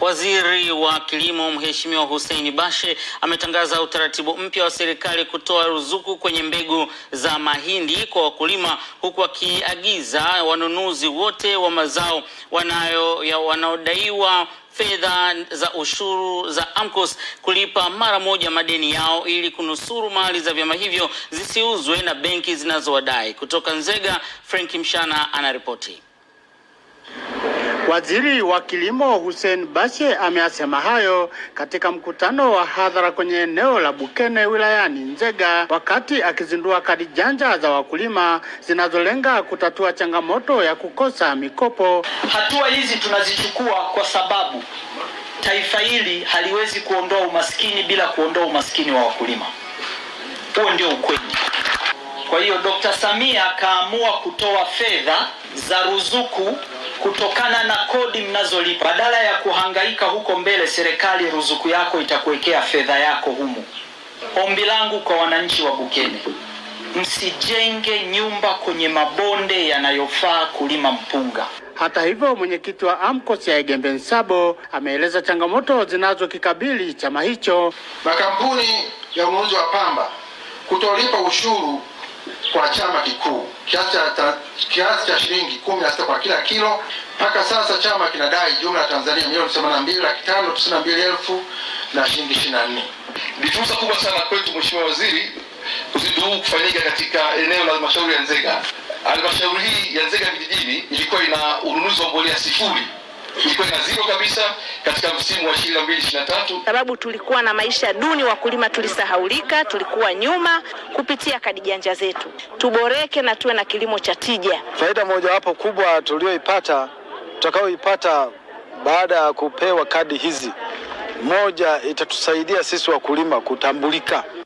Waziri wa Kilimo Mheshimiwa Hussein Bashe ametangaza utaratibu mpya wa serikali kutoa ruzuku kwenye mbegu za mahindi kwa wakulima huku akiagiza wanunuzi wote wa mazao wanayo wanaodaiwa fedha za ushuru za AMCOS kulipa mara moja madeni yao ili kunusuru mali za vyama hivyo zisiuzwe na benki zinazowadai. Kutoka Nzega, Frank Mshana anaripoti. Waziri wa Kilimo Hussein Bashe ameyasema hayo katika mkutano wa hadhara kwenye eneo la Bukene wilayani Nzega wakati akizindua kadi janja za wakulima zinazolenga kutatua changamoto ya kukosa mikopo. Hatua hizi tunazichukua kwa sababu taifa hili haliwezi kuondoa umaskini bila kuondoa umaskini wa wakulima. Huo ndio ukweli. Kwa hiyo Dkt. Samia akaamua kutoa fedha za ruzuku kutokana na kodi mnazolipa. Badala ya kuhangaika huko mbele, serikali ruzuku yako itakuwekea fedha yako humu. Ombi langu kwa wananchi wa Bukene, msijenge nyumba kwenye mabonde yanayofaa kulima mpunga. Hata hivyo, mwenyekiti wa AMCOS ya Igembe Nsabo ameeleza changamoto zinazokikabili chama hicho. Makampuni ya ununuzi wa pamba kutolipa ushuru kwa chama kikuu kiasi cha kiasi cha shilingi kumi na sita kwa kila kilo. Mpaka sasa chama kinadai jumla ya Tanzania milioni themanini na mbili laki tano tisini na mbili elfu na shilingi ishirini na nne. Ni fursa kubwa sana kwetu Mheshimiwa Waziri, uzinduzi huu kufanyika katika eneo la halmashauri ya Nzega. Halmashauri hii ya Nzega vijijini ilikuwa ina ununuzi wa mbolea sifuri na zero kabisa katika msimu wa 2023 sababu tulikuwa na maisha duni, wakulima tulisahaulika, tulikuwa nyuma kupitia kadi janja zetu. Tuboreke na tuwe na kilimo cha tija. Faida mojawapo kubwa tuliyoipata, tutakayoipata baada ya kupewa kadi hizi, moja, itatusaidia sisi wakulima kutambulika.